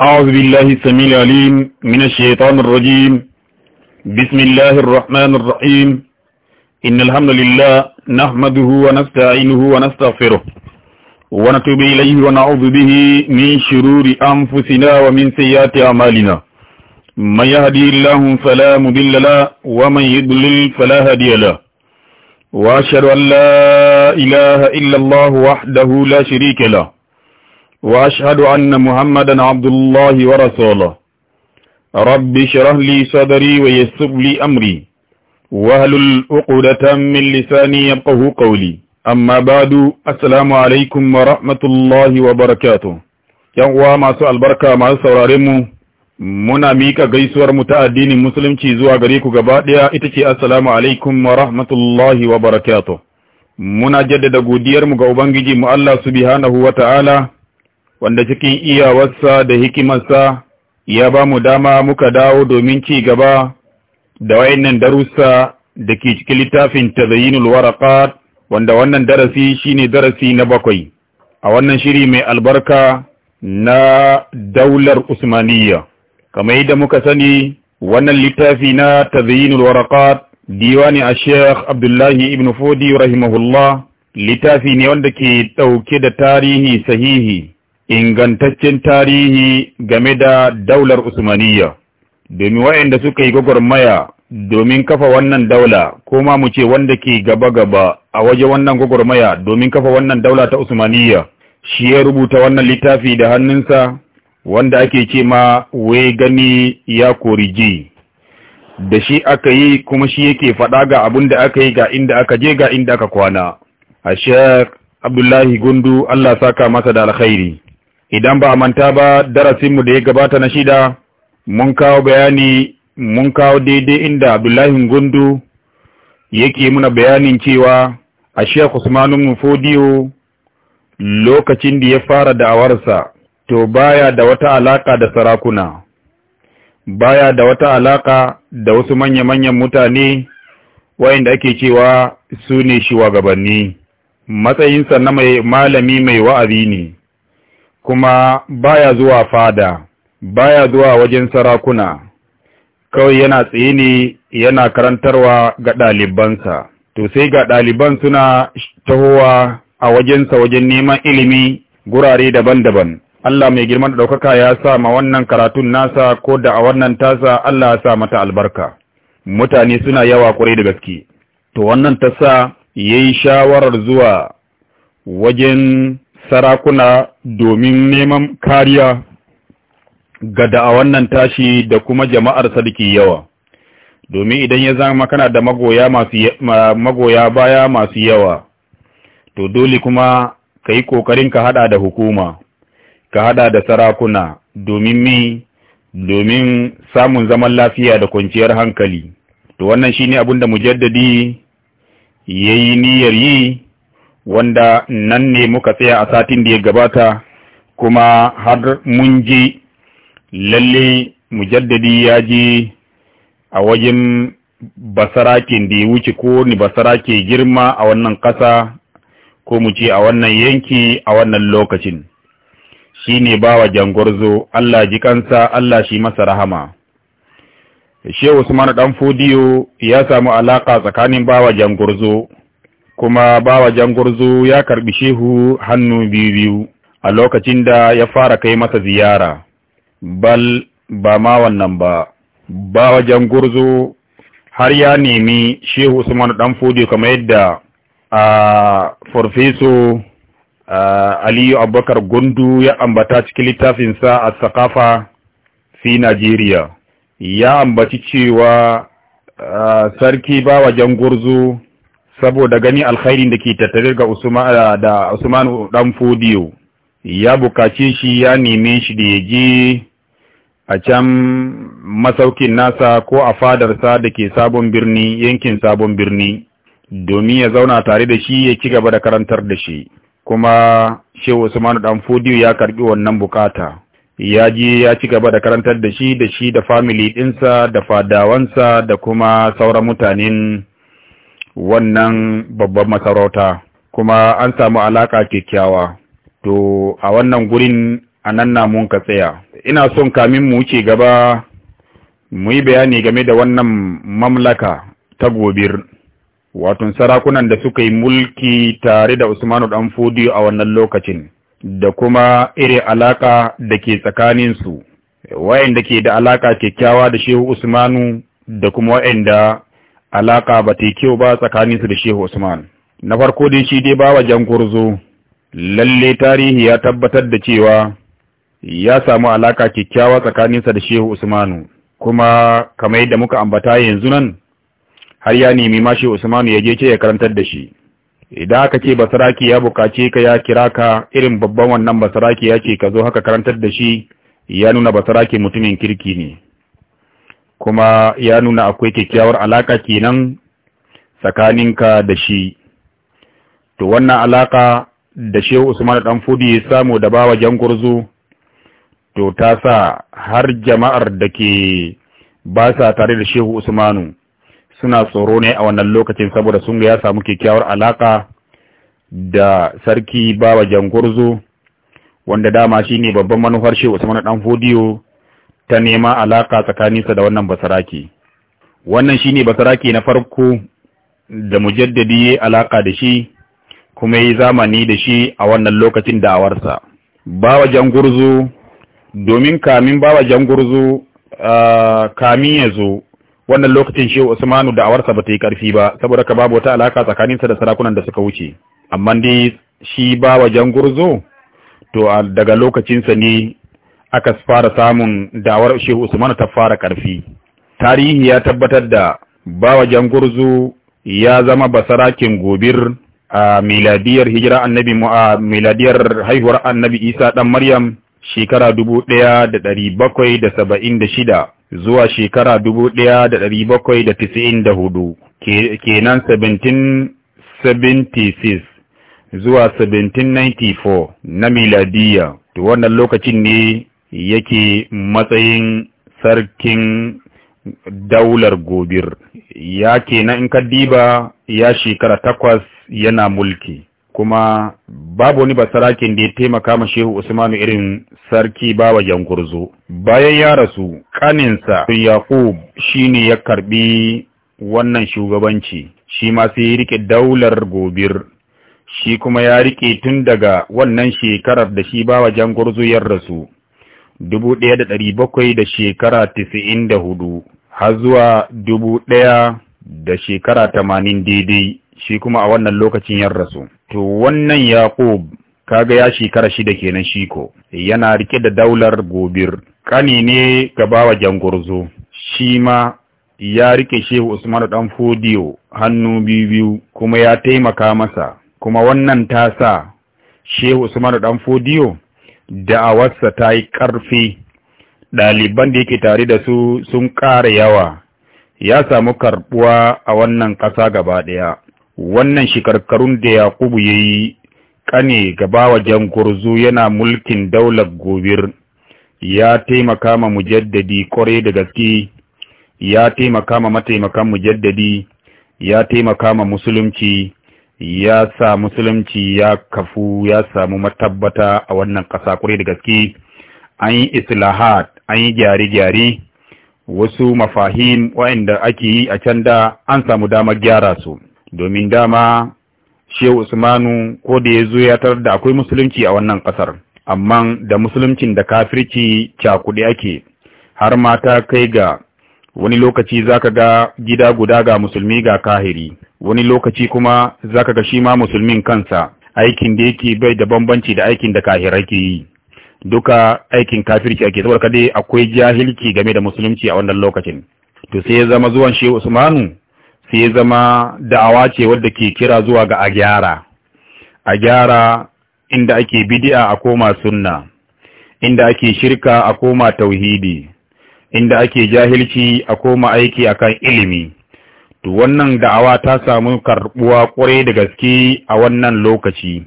أعوذ بالله السميع العليم من الشيطان الرجيم بسم الله الرحمن الرحيم إن الحمد لله نحمده ونستعينه ونستغفره ونتوب إليه ونعوذ به من شرور أنفسنا ومن سيئات أعمالنا من يهدي الله فلا مضل له ومن يضلل فلا هادي له وأشهد أن لا إله إلا الله وحده لا شريك له وأشهد أن محمدا عبد الله ورسوله رب اشرح لي صدري ويسر لي أمري واهلل عقدة من لساني يبقه قولي amma badu assalamu alaikum wa rahmatullahi wa barakatu yan uwa masu albarka masu saurare mu muna mika gaisuwar mu ta addinin musulunci zuwa gare ku gaba ɗaya, ita ce assalamu alaikum wa rahmatullahi wa barakatu muna jaddada godiyar ga ubangiji mu Allah subhanahu wa ta'ala wanda cikin iyawarsa da hikimarsa ya ba mu dama muka dawo domin ci gaba da wayannan darussa da ke cikin littafin tazayyinul waraqat wanda wannan darasi shine darasi na bakwai a wannan shiri mai albarka na daular usmaniyya kamar yadda muka sani wannan littafi na tazayyinul waraqat diwani a sheikh abdullahi ibn fodi rahimahullah littafi ne wanda ke ɗauke da tarihi sahihi ingantaccen tarihi game da daular Usmaniyya, domin waɗanda suka yi gwagwarmaya domin kafa wannan daula, ko ma mu ce wanda ke gaba-gaba a waje wannan gwagwarmaya domin kafa wannan daula ta Usmaniyya, shi ya rubuta wannan littafi da hannunsa wanda ake ce ma wai gani ya koriji. Da shi aka yi kuma shi yake faɗa ga abin da aka yi ga inda aka je ga inda aka kwana. A Abdullahi Gundu Allah saka masa da alkhairi. idan ba a manta ba darasinmu da ya gabata na shida mun kawo bayani mun kawo daidai inda abdullahi gundu yake muna bayanin cewa a shek usmanu fodiyo lokacin da ya fara da'awarsa to baya da wata alaka da sarakuna baya da wata alaka da wasu manya-manyan mutane wayanda ake cewa su ne shugabanni matsayinsa na mai malami mai wa'azi ne kuma baya zuwa fada baya zuwa wajen sarakuna kawai yana tsaye ne yana karantarwa ga ɗalibansa to sai ga ɗaliban suna tahowa a wajensa wajen neman ilimi gurare daban-daban Allah mai girman da ɗaukaka ya sa ma wannan karatun nasa ko da a wannan tasa Allah ya sa mata albarka mutane suna yawa kwarai da gaske to wannan ta sa ya yi shawarar zuwa wajen sarakuna domin neman kariya ga a wannan tashi da kuma jama'ar sarki yawa domin idan ya zama kana da magoya masu magoya baya masu yawa to dole kuma ka yi ƙoƙarin ka haɗa da hukuma ka haɗa da sarakuna domin mi domin samun zaman lafiya da kwanciyar hankali to wannan shine abin da mujaddadi yayi niyyar yi wanda nan ne muka tsaya a satin da ya gabata kuma har mun ji lalle mujaddadi ya ji a wajen basarakin da ya wuce ko ni basarake girma a wannan ƙasa ko mu ce a wannan yanki a wannan lokacin shi ne ba wa jangorzo Allah ji kansa Allah shi masa rahama Shehu Usman ɗan Fodiyo ya samu alaƙa tsakanin bawa jangorzo kuma bawa jangurzu ya karbi shehu hannu biyu biyu a lokacin da ya fara kai masa ziyara bal ba ma wannan ba bawa jangurzu har ya nemi shehu usman ɗan fodi kamar yadda a farfeso aliyu abubakar gundu ya ambata cikin littafinsa a sakafa fi najeriya ya ambaci cewa sarki bawa jangurzu saboda gani alkhairin da ke tattare ga Usman eh, Usman dan Fodiyo ya bukace shi ya neme shi da ya je a can masaukin nasa ko a fadarsa da ke sabon birni yankin sabon birni domin ya zauna tare da shi ya ci gaba da karantar da shi kuma Shehu Usman dan Fodiyo ya karbi wannan bukata ya je ya ci gaba da karantar da shi da shi da famili ɗinsa da fadawansa da kuma sauran mutanen wannan babban masarauta kuma an samu alaka kyakkyawa to a wannan gurin a nan na ka tsaya ina son kamin mu wuce gaba mu yi bayani game da wannan mamlaka ta gobir wato sarakunan da suka yi mulki tare da usmanu ɗan fodiyo a wannan lokacin da kuma irin alaƙa da ke tsakaninsu Wa'inda ke da alaƙa kyakkyawa da shehu usmanu da kuma wa'inda. alaka ba ta kyau ba tsakanin su da Shehu Usman na farko dai shi dai bawa Jangurzo lalle tarihi ya tabbatar da cewa ya samu alaka kyakkyawa tsakaninsa da Shehu Usman. kuma kamar yadda muka ambata yanzu nan har ya nemi ma Shehu Usman ya je ce ya karantar da shi idan aka ce basaraki ya bukace ka ya kira ka irin babban wannan basaraki ya ce ka zo haka karantar da shi ya nuna basaraki mutumin kirki ne kuma ya nuna akwai kyakkyawar alaka kenan tsakaninka da shi to wannan alaka da Shehu Usman dan Fudi ya samu da bawa Jangurzu to ta sa har jama'ar da ke ba sa tare da Shehu Usmanu suna tsoro ne a wannan lokacin saboda sun ga ya samu kyakkyawar alaka da sarki bawa Jangurzu wanda dama shi ne babban manufar Shehu Usman dan fudiyo. ta nema alaka tsakaninsa da wannan basaraki wannan shine basaraki na farko da mujaddadi ya alaka da shi kuma yi zamani da shi a wannan lokacin da'awarsa bawa jangurzu domin kamin bawa jangurzu kamin ya zo wannan lokacin shi usmanu da'awarsa ba ta yi karfi ba saboda ka babu wata alaka tsakaninsa da sarakunan da suka wuce amma dai shi bawa jangurzu to daga lokacinsa ne aka fara samun dawar Shehu Usman ta fara karfi Tarihi ya tabbatar da bawa jangurzu ya zama basarakin gobir a miladiyar hijira annabi a miladiyar haihuwar annabi Isa ɗan Maryam shekara dubu ɗaya da ɗari bakwai da saba'in da shida zuwa shekara dubu ɗaya da ɗari bakwai da tisa'in da hudu kenan 1776 zuwa 1794 na miladiya to wannan lokacin ne yake matsayin sarkin daular gobir ya kenan in ka ya shekara takwas yana mulki kuma babu wani basarakin da ya taimaka ma shehu usmanu irin sarki bawa yankurzo bayan ya rasu kaninsa yaqub ne ya karbi wannan shugabanci shi ma sai ya rike daular gobir shi kuma ya rike tun daga wannan shekarar da shi bawa jangurzo ya rasu dubu ɗaya da ɗari bakwai da shekara tisa'in da hudu har zuwa dubu ɗaya da shekara tamanin daidai shi kuma a wannan lokacin 'yan rasu. To wannan Yaƙub kaga ya shekara shida kenan ko. yana rike da daular gobir ƙani ne gabawa jangurzo shi ma ya rike shehu usman ɗan fodiyo hannu biyu biyu kuma ya taimaka masa kuma wannan ta sa shehu usman ɗan fodiyo da'awarsa ta yi ƙarfi ɗaliban da yake tare da su sun ƙara yawa ya samu karɓuwa a wannan ƙasa gaba ɗaya wannan shekarkarun da yakubu ya yi ƙane gaba wajen gurzu yana mulkin daular gobir ya taimaka ma mujaddadi ƙwarai da gaske ya taimaka ma mataimakan mujaddadi ya taimaka ma musulunci ya sa musulunci ya kafu ya samu matabbata a wannan ƙasa ƙure da gaske an yi islahat an yi gyare-gyare wasu mafahim waɗanda ake yi a can da an samu damar gyara su domin dama shehu usmanu ko da ya zo ya tar da akwai musulunci a wannan ƙasar amma da musuluncin da kafirci cakuɗe ake har mata kai ga wani lokaci zaka ga gida guda ga musulmi ga kahiri wani lokaci kuma zaka ga shi ma musulmin kansa aikin da yake bai da bambanci da aikin da kafirai ke yi duka aikin kafirci ake saboda kadai akwai jahilci game da musulunci a wannan lokacin to sai ya zama zuwan shi Usmanu sai ya zama da'awa ce wadda ke kira zuwa ga a gyara a gyara inda ake bid'a a koma sunna inda ake shirka a koma tauhidi inda ake jahilci a koma aiki akan ilimi to wannan da'awa ta samu karbuwa kwarai da gaske a wannan lokaci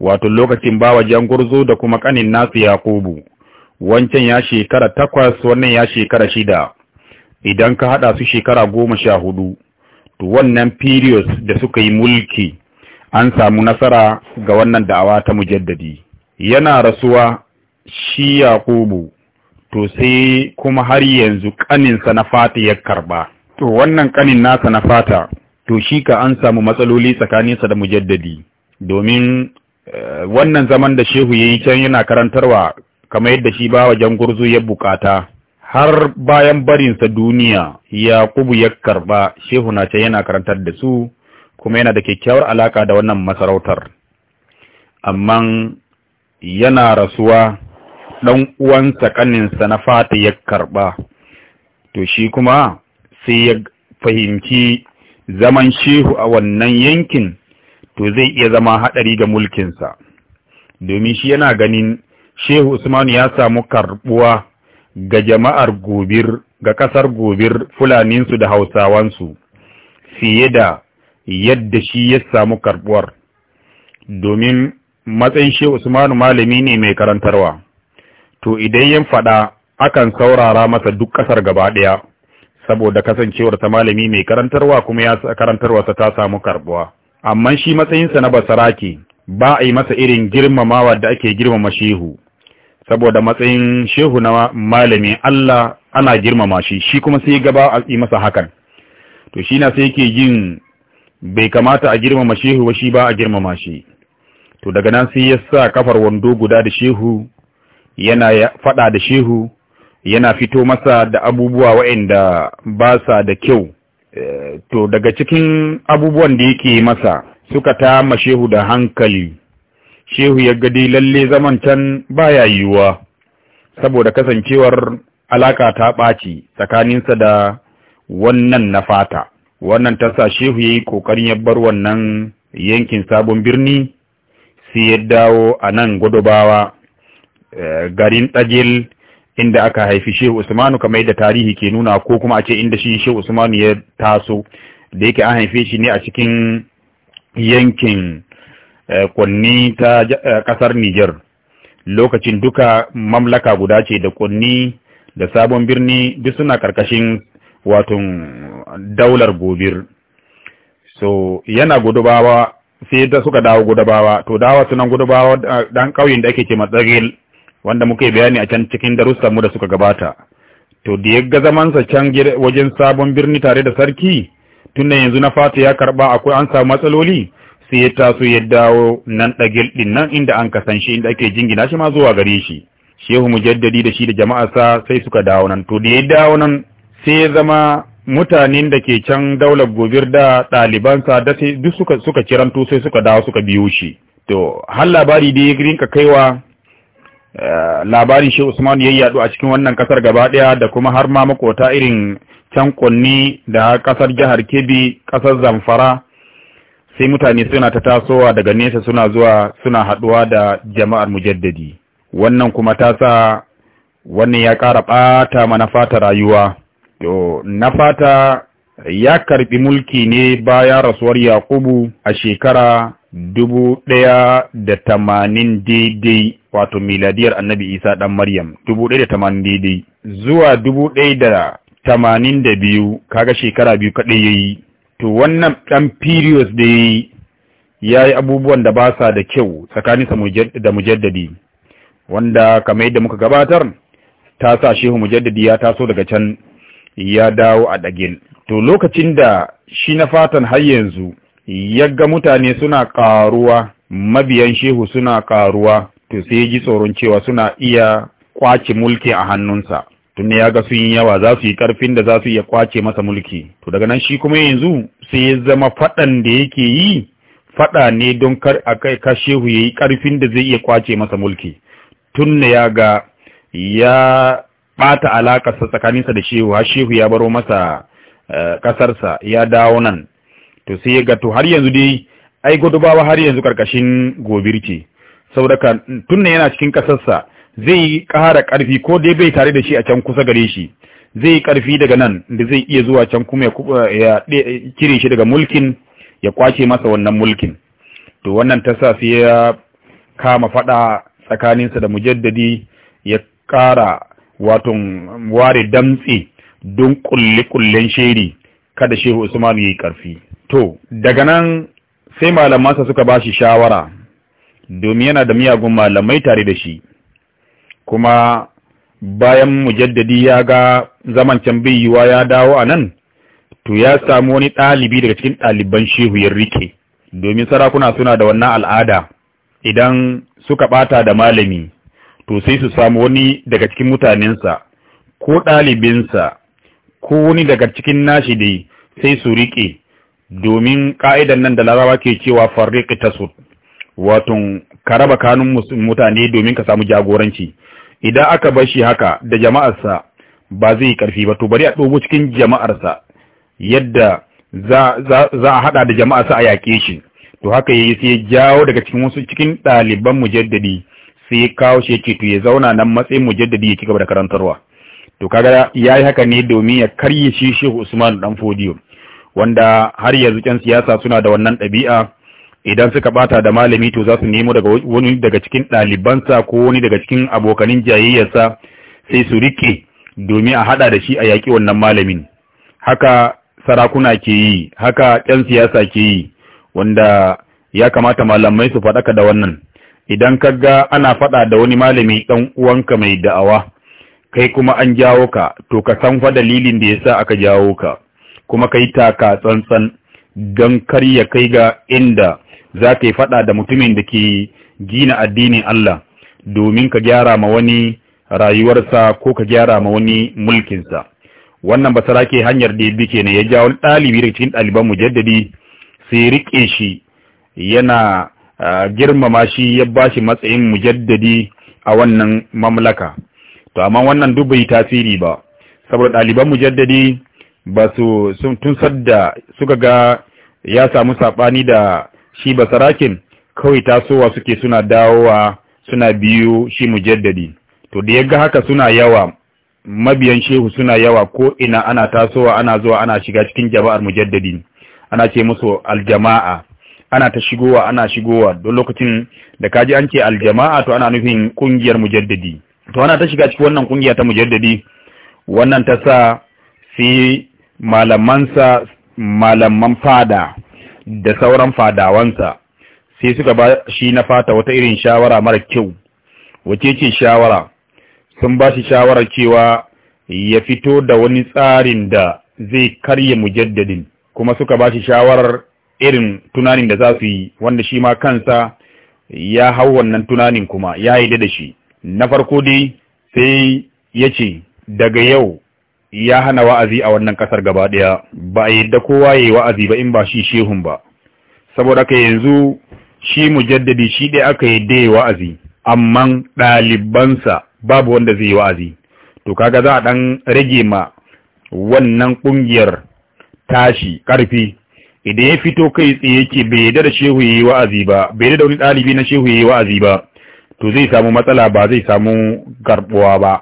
wato lokacin bawa jangurzo da kuma ƙanin nasu yakubu wancan ya shekara takwas wannan ya shekara shida idan ka haɗa su shekara goma sha hudu to wannan periods da suka yi mulki an samu nasara ga wannan da'awa ta mujaddadi yana rasuwa shi yakubu to sai kuma har yanzu ƙaninsa na fata ya karba to wannan kanin nasa na fata to shi ka an samu matsaloli tsakaninsa da mujaddadi domin eh, wannan zaman da shehu ya yi can yana karantarwa kamar yadda shi ba wajen gurzu ya bukata har bayan barinsa duniya ya kubu ya karba shehu na can yana karantar da su kuma yana da kyakkyawar alaka da wannan masarautar amma yana rasuwa ɗan uwansa ƙaninsa na fata ya karba to shi kuma sai ya fahimci zaman shehu a wannan yankin to zai iya zama haɗari ga mulkinsa domin shi yana ganin shehu usmanu ya samu karɓuwa ga jama'ar gobir ga ƙasar gobir fulaninsu da hausawansu fiye da yadda shi ya samu karɓuwar domin matsayin shehu usmanu malami ne mai karantarwa to idan yin faɗa akan saurara masa duk ƙasar gaba ɗaya saboda kasancewar ta malami mai karantarwa kuma ya karantarwa ta samu karbuwa amma shi matsayinsa na basarake ba a yi masa irin girmamawa da ake girmama shehu saboda matsayin shehu na malami Allah ana girmama shi shi kuma sai gaba a yi masa hakan to shi na sai yake jin bai kamata a girmama shehu ba shi ba a girmama shi to daga nan sai ya sa kafar wando guda da shehu yana faɗa da shehu yana fito masa da abubuwa waɗanda ba sa da kyau eh, to daga cikin abubuwan da yake masa suka ta shehu da hankali shehu ya gadi lalle zaman can baya yiwuwa saboda kasancewar alaka ta ɓaci tsakaninsa da wannan na fata wannan ta sa shehu ya yi ƙoƙarin ya bar wannan yankin sabon birni sai ya dawo a nan gudubawa eh, garin ɗajil inda aka haifi Shehu Usmanu kamar yadda tarihi ke nuna ko kuma a ce inda shi Shehu Usmanu ya taso da yake an haife shi ne a cikin yankin eh, kunni ta kasar eh, Niger lokacin duka mamlaka guda ce da kunni da sabon birni duk suna karkashin watan daular gobir so yana gudubawa sai da suka dawo gudubawa to dawa sunan gudubawa dan eh, kauyen da ake ce matsagil wanda muka yi bayani a can cikin darussa mu da suka gabata to da ya ga zamansa can wajen sabon birni tare da sarki tun yanzu na fata ya karba akwai an samu matsaloli sai ya taso ya dawo nan dagil din nan inda an kasan shi inda ake jingina shi ma zuwa gare shi shehu mujaddadi da shi da jama'arsa sai suka dawo nan to da ya dawo nan sai ya zama mutanen da ke can daular gobir da dalibansa da sai duk suka suka kiranto sai suka dawo suka biyo shi to har labari da ya rinka kaiwa Eh, labarin shi Usman ya yadu a cikin wannan ƙasar gaba daya da kuma har ma makota irin can kunni da ƙasar jihar Kebbi, ƙasar Zamfara sai mutane suna ta tasowa daga nesa suna zuwa suna haɗuwa da jama'ar mujaddadi wannan kuma ta sa wannan ya ƙara ɓata mana fata rayuwa to na fata ya karbi mulki ne bayan rasuwar Yakubu a shekara dubu ɗaya da tamanin daidai wato miladiyar annabi isa dan maryam dubu ɗaya da tamanin daidai, zuwa dubu ɗaya da da tamanin biyu, kaga shekara biyu kaɗai ya yi, to wannan ɗan periods da ya yi, ya yi abubuwan da ba sa da kyau tsakaninsa da mujaddadi wanda kamar yadda muka gabatar ta sa shehu mujaddadi ya taso daga can ya dawo a ɗagin. to lokacin da shi na fatan har yanzu yagga mutane suna ƙaruwa, mabiyan shehu suna ƙaruwa. to sai ji tsoron cewa suna iya kwace mulki a hannunsa tun ya ga sun yi yawa za su yi karfin da za su iya kwace masa mulki to daga nan shi kuma yanzu sai ya zama faɗan da yake yi faɗa ne don kar a kai kashe ya yayi karfin da zai iya kwace masa mulki tun ya ga ya ɓata sa tsakaninsa da shehu ha shehu ya baro masa eh, ƙasarsa ya dawo nan to sai ya ga to har yanzu dai ai gudubawa har yanzu karkashin gobirce saboda tunne yana cikin kasarsa zai yi ƙara ƙarfi ko dai bai tare da shi a can kusa gare shi zai yi ƙarfi daga nan da zai iya zuwa can kuma ya cire shi daga mulkin ya kwace masa wannan mulkin to wannan ta sa sai ya kama faɗa tsakaninsa da mujaddadi ya ƙara wato ware damtse don kulle-kullen sheri kada shehu usman ya yi ƙarfi to daga nan sai malamansa suka ba shi shawara domin yana da miyagun malamai tare da shi kuma bayan mujaddadi ya ga zaman can bai ya dawo a nan to ya samu wani ɗalibi daga cikin ɗaliban shehu ya rike domin sarakuna suna da wannan al'ada idan suka ɓata da malami to sai su samu wani daga cikin mutanensa ko ɗalibinsa ko wani daga cikin nashi dai sai su riƙe domin ƙa'idan nan da larawa ke cewa farriƙi ta su waton ka raba kanun mutane domin ka samu jagoranci idan aka bar shi haka da jama'arsa ba zai karfi ba to bari a dogo cikin jama'arsa yadda za za a hada da jama'arsa a yaƙe shi to haka yayi sai jawo daga cikin wasu cikin ɗaliban mujaddadi sai ya kawo shi yake to ya zauna nan matsayin mujaddadi ya ci gaba da karantarwa to kaga yayi haka ne domin ya karye shi Shehu Usman dan Fodiyo wanda har yanzu ƴan siyasa suna da wannan ɗabi'a idan suka bata da malami to za su nemo daga wani daga cikin ɗalibansa ko wani daga cikin abokanin jayayyarsa sai su rike domin a haɗa da shi a yaƙi wannan malamin haka sarakuna ke yi haka ƴan siyasa ke yi wanda ya kamata malamai su faɗaka da wannan idan ka ga ana faɗa da wani malami ɗan uwanka mai da'awa kai kuma an jawo ka to ka san fa dalilin da yasa aka jawo ka kuma kai taka tsantsan don kar ya kai ga inda za ka yi faɗa da mutumin da ke gina addinin Allah domin ka gyara ma wani rayuwarsa ko ka gyara ma wani mulkinsa wannan ba ke hanyar da ke kenan ya jawo ɗalibi da cikin ɗaliban mujaddadi sai riƙe shi yana girmama shi ya ba shi matsayin mujaddadi a wannan mamlaka to amma wannan duk bai tasiri ba saboda ɗaliban mujaddadi ba su tun sadda suka ga ya samu saɓani da shi basarakin kawai tasowa suke suna dawowa suna biyu shi mujaddadi to da yaga haka suna yawa mabiyan shehu suna yawa ko ina ana tasowa ana zuwa ana shiga cikin jama'ar mujaddadi ana ce musu aljama'a ana ta shigowa ana shigowa don lokacin da kaji an ce aljama'a to ana nufin kungiyar mujaddadi to ana ta shiga cikin wannan kungiya ta mujaddadi wannan ta sa si malamansa malaman fada da sauran fadawansa sai suka ba shi na fata wata irin shawara mara kyau wace ce shawara sun ba shi shawara cewa ya fito da wani tsarin da zai karya mujaddadin kuma suka ba shi shawarar irin tunanin da za su yi wanda shi ma kansa ya hau wannan tunanin kuma ya yi da shi na farko dai sai ya ce daga yau ya hana wa'azi a wannan kasar gaba daya ba a da kowa yayi wa'azi ba in ba shi shehun ba saboda ka yanzu shi mujaddadi shi dai aka yadda yayi wa'azi amma ɗalibansa babu wanda zai yi wa'azi to kaga za a dan rage ma wannan ƙungiyar tashi karfi idan ya fito kai tsaye yake bai yadda da shehu yayi wa'azi ba bai yadda wani ɗalibi na shehu yayi wa'azi ba to zai samu matsala ba zai samu karbuwa ba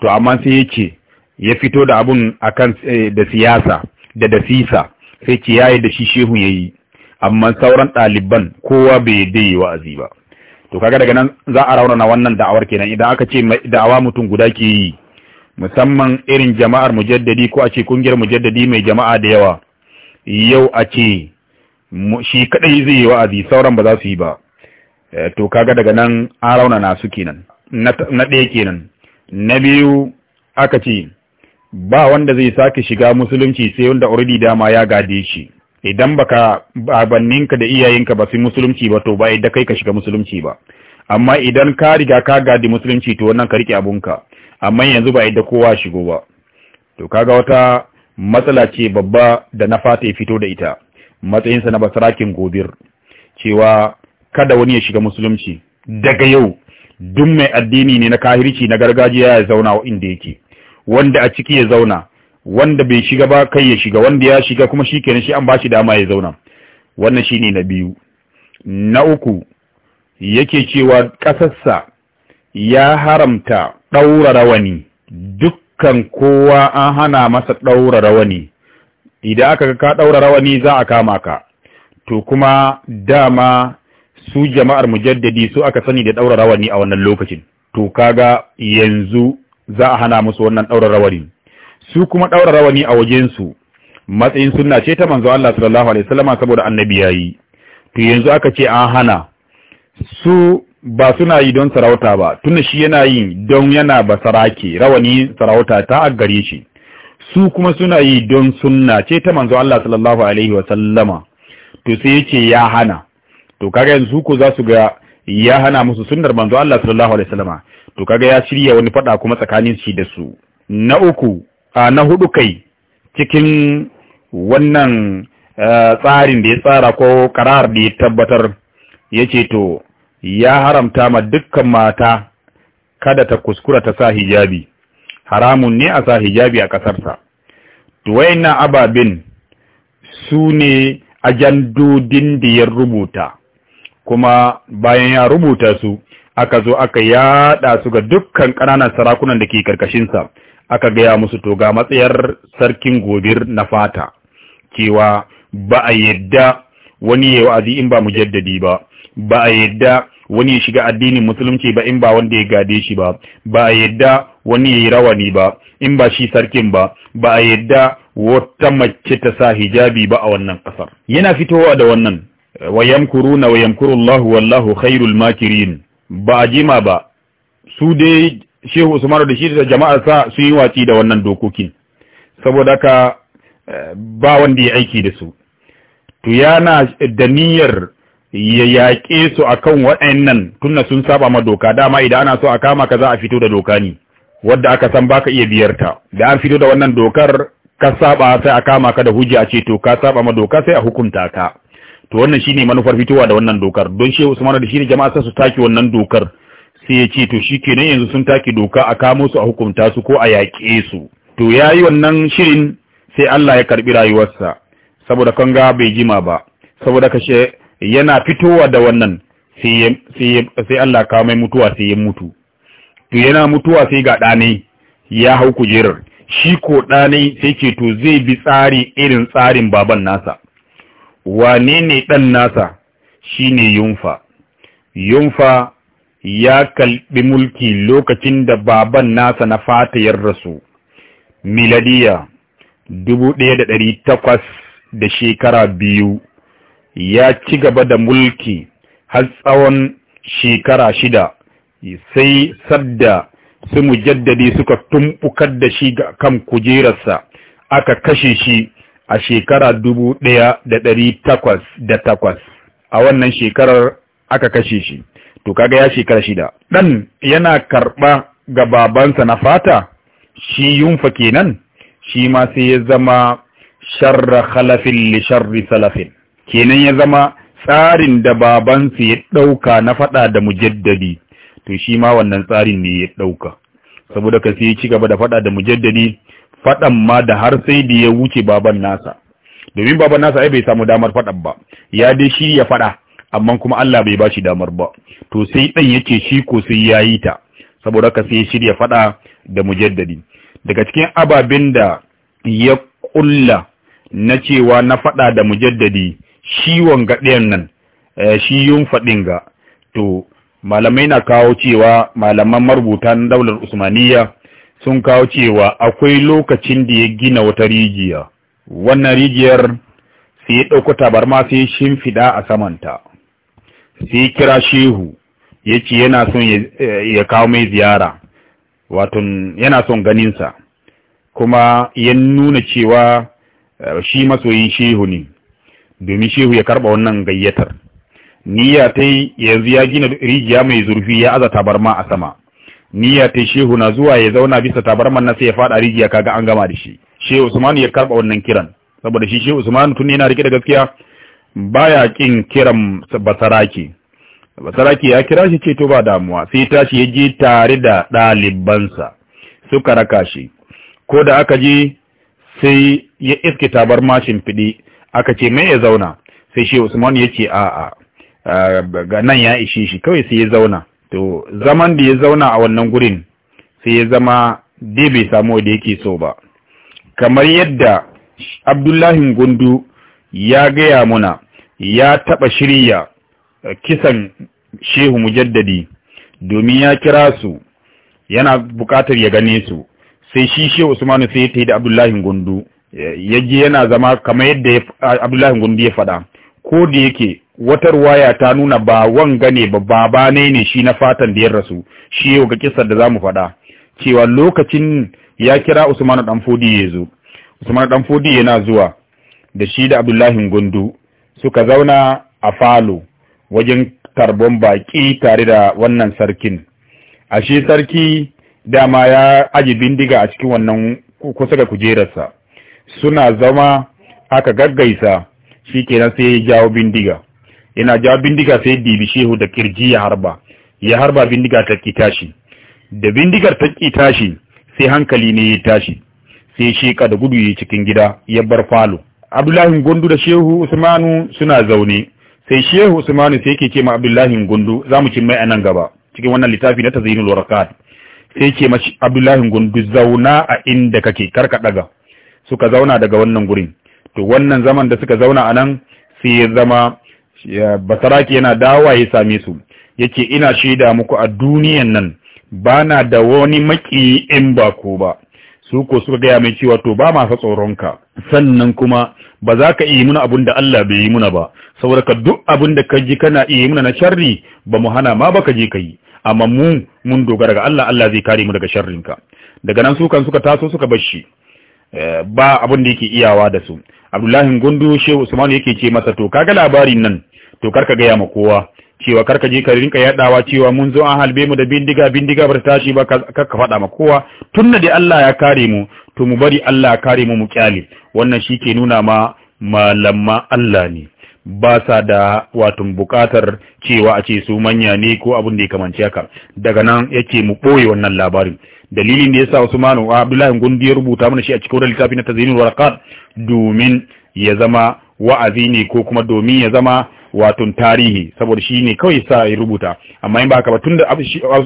to amma sai yake ya fito da abun akan eh, da siyasa da dasisa sai ce yayi da shi shehu yayi amma sauran ɗaliban kowa bai dai wa'azi ba to kaga daga nan za a raunana wannan da'awar kenan idan aka ce da'awa mutum guda ke yi musamman irin jama'ar mujaddadi ko a ce kungiyar mujaddadi mai jama'a da yawa yau a ce shi kadai zai yi wa'azi sauran ba za su yi ba eh, to kaga daga nan an raunana su kenan na ɗaya kenan na biyu aka ce ba wanda zai sake shiga musulunci sai wanda already dama ya gade shi idan baka babanninka da iyayenka ba su musulunci ba to ba da kai ka shiga musulunci ba amma idan ka riga ka gadi musulunci to wannan ka rike abunka amma yanzu ba da kowa shigo ba to kaga wata matsala ce babba da na fata ya fito da ita matsayinsa na basarakin gobir cewa kada wani ya shiga musulunci daga yau duk mai addini ne na kahirci na gargajiya ya zauna inda yake wanda a ciki ya zauna wanda bai shiga ba kai ya shiga wanda ya shiga kuma shi kenan shi an bashi dama ya zauna wannan shine na biyu na uku yake cewa ƙasarsa ya haramta ɗaura rawani dukkan kowa an hana masa ɗaura rawani idan aka ga ka ɗaura rawani za a kama ka to kuma dama su jama'ar mujaddadi su aka sani da ɗaura rawani a wannan lokacin to kaga yanzu za a hana musu wannan ɗaurar rawani su kuma ɗaurar rawani a wajensu matsayin sunna ce ta manzo Allah sallallahu alaihi wasallam saboda annabi yayi to yanzu aka ce an hana su ba suna yi don sarauta ba tunda shi yana yi don yana ba rawani sarauta ta a gare shi su kuma suna yi don sunna ce ta manzo Allah sallallahu alaihi wasallama to sai yace ya hana to kaga yanzu ko za su ga ya hana musu sunnar manzo Allah sallallahu alaihi wasallama to kaga ya shirya wani fada kuma tsakanin shi da su na uku a na hudu kai cikin wannan tsarin da ya tsara ko karar da ya tabbatar ya ce to ya haramta ma dukkan mata kada ta kuskura ta sa hijabi haramun ne a sa hijabi a ƙasarsa to wayannan ababin su ne ajandodin da ya rubuta kuma bayan ya rubuta su aka zo aka yaɗa su ga dukkan ƙananan sarakunan da ke karkashinsa aka gaya musu to ga matsayar sarkin gobir na fata cewa ba a yadda wani ya wa'azi in ba mu jaddadi ba ba a yadda wani ya shiga addinin musulunci ba in ba wanda ya gade shi ba ba a yadda wani ya yi rawani ba in ba shi sarkin ba ba a yadda wata mace ta sa hijabi ba a wannan kasar yana fitowa da wannan wa yamkuruna wa yamkurullahu wallahu khairul makirin ba a jima ba su dai shehu usmanu da shi da jama'ar sa sun yi watsi da wannan dokokin saboda ka eh, ba wanda ya aiki da su to yana da niyyar ya yaƙe su akan waɗannan tunna sun saba ma doka dama idan ana so a kama ka za a fito da doka ne wadda aka san baka iya biyar ta da an fito da wannan dokar ka saba sai a kama ka da hujja a ce to ka saba ma doka sai a hukunta ka to wannan shine manufar fitowa da wannan dokar don shehu usman da shine jama'a su taki wannan dokar sai ya ce to shikenan yanzu sun taki doka a kamo su a hukunta su ko a yaƙe su to yayi wannan shirin sai Allah ya karbi rayuwarsa saboda kan ga bai jima ba saboda kashe yana fitowa da wannan sai sai Allah ka mai mutuwa sai ya mutu to yana mutuwa sai ga ɗanai, ya hau kujerar shi ko dane sai ke to zai bi tsari irin tsarin baban nasa wane ne ɗan nasa shi ne yunfa yunfa ya kalbi mulki lokacin da baban nasa na fatayar rasu miladiya dubu ɗaya da ɗari takwas da shekara biyu ya ci gaba da mulki har tsawon shekara shida sai sadda su mujaddadi suka tumɓukar da shi kan kujerarsa aka kashe shi a shekara dubu ɗaya da ɗari takwas da takwas a wannan shekarar aka kashe shi to kaga ya shekara shida ɗan yana karɓa ga babansa na fata shi yunfa kenan shi ma sai ya zama sharra khalafin li sharri salafin kenan ya zama tsarin da babansa ya ɗauka na faɗa da mujaddadi to shi ma wannan tsarin ne ya ɗauka saboda ka sai ci gaba da faɗa da mujaddadi faɗan ma da har sai da ya wuce baban nasa domin baban nasa ai bai samu damar faɗan ba ya dai shi ya faɗa amma kuma Allah bai bashi damar ba to sai dan yake shi ko sai yayi ta saboda ka sai shirya faɗa da mujaddadi daga cikin ababen da ya ƙulla na cewa na faɗa da mujaddadi shi wanga nan eh, shi yun faɗin ga to malamai na kawo cewa malaman marubuta na daular usmaniyya. sun kawo cewa akwai lokacin da ya gina wata rijiya wannan rijiyar sai ya ɗauko tabarma sai shimfiɗa a samanta sai kira shehu ya ce yana son ya kawo mai ziyara watan yana son ganinsa kuma ya nuna cewa eh, shi masoyin shehu ne domin shehu ya karɓa wannan gayyatar niyya ta yanzu ya gina rijiya mai zurfi ya aza tabarma a sama niyya ta shehu na zuwa ya zauna bisa tabarman na sai ya fada rijiya kaga an gama da shi shehu usman ya karba wannan kiran saboda shi shehu usman tun yana rike da gaskiya baya kin kiran basaraki basaraki ya kira shi ce to ba damuwa sai tashi ya je tare da ɗalibansa suka raka shi ko da aka je sai ya iske tabar mashin fidi aka ce mai ya zauna sai Shehu Usman ya ce a'a ga nan ya ishe shi kawai sai ya zauna to zaman da ya zauna a wannan gurin sai ya zama dai bai samu da yake so ba kamar yadda abdullahi gundu ya gaya muna ya taɓa shirya eh, kisan shehu mujaddadi domin ya kira su yana buƙatar ya gane su sai shi shehu usmanu sai ya yi da abdullahi gundu yaje yana zama kamar yadda abdullahi gundu ya faɗa ko da yake wata ruwaya ta nuna ba wanga ne ba baba ne ne shi na fatan da ya rasu shi yau ga kissar da zamu faɗa cewa lokacin ya kira Usman dan Fodi ya zo Usman dan Fodi yana zuwa da shi da Abdullahi Gundu suka zauna a falo wajen tarbon baki tare da wannan sarkin ashe sarki dama ya aji bindiga a cikin wannan kusa ga kujerarsa suna zama aka gaggaisa shi na sai ya jawo bindiga yana ja bindiga sai dibi shehu da kirji ya harba ya harba bindiga ta ki tashi da bindigar ta ki tashi sai hankali ne ya tashi sai sheka da gudu ya cikin gida ya bar falo Abdullahi Gundu da Shehu Usmanu suna zaune sai Shehu Usmanu sai yake ce ma Abdullahi Gundu zamu cin mai anan gaba cikin wannan littafi na Tazyinul warqat sai yake ma Abdullahi Gundu zauna a inda kake karka daga suka zauna daga wannan gurin to wannan zaman da suka zauna anan sai ya zama basaraki yana dawa ya same su yace ina shaida muku a duniyan nan ba na da wani makiyi in ba ko ba su ko suka gaya mai cewa to ba tsoron tsoronka sannan kuma ba za ka iya muna abun da Allah bai yi muna ba saboda ka duk abin da ka ji kana iya muna na sharri ba mu hana ma ba ka je ka yi amma mu mun dogara ga Allah Allah zai kare mu daga sharrinka daga nan su kan suka taso suka bar eh, ba abin da yake iyawa da su Abdullahi Gundu Shehu Usman yake ce masa to kaga labarin nan to karka gaya ma kowa cewa karka je ka rinka yaɗawa cewa mun zo an halbe mu da bindiga bindiga bar tashi ba ka faɗa ma kowa tun da Allah ya kare mu to mu bari Allah ya kare mu mu kyale wannan shi ke nuna ma malamma Allah ne ba sa da wato bukatar cewa a ce su manya ne ko abin da ya kamanci haka daga nan yake mu ɓoye wannan labarin dalilin da yasa usman Abdullahi Gundi ya rubuta mana shi a cikin littafin na Tazinul Warqat domin ya zama wa'azi ne ko kuma domin ya zama wato tarihi saboda shi ne kawai sa ya rubuta amma in ba haka ba tun da uh,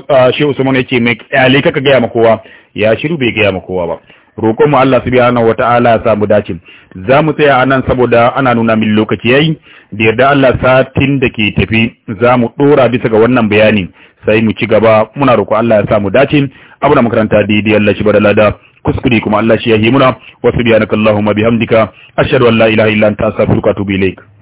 uh, shehu usman ya ce mai kyale kaka gaya ma kowa ya shiru bai gaya ma kowa ba roƙon mu Allah subhanahu wata'ala ya samu dace za mu tsaya anan saboda ana nuna min lokaci yayi da yarda Allah satin da ke tafi za mu dora bisa ga wannan bayani sai mu ci gaba muna roƙo Allah ya samu dace abu da makaranta daidai Allah shi lada kuskure kuma Allah shi ya himuna wa subhanakallahumma bihamdika ashhadu an la ilaha illa anta astaghfiruka wa atubu ilaik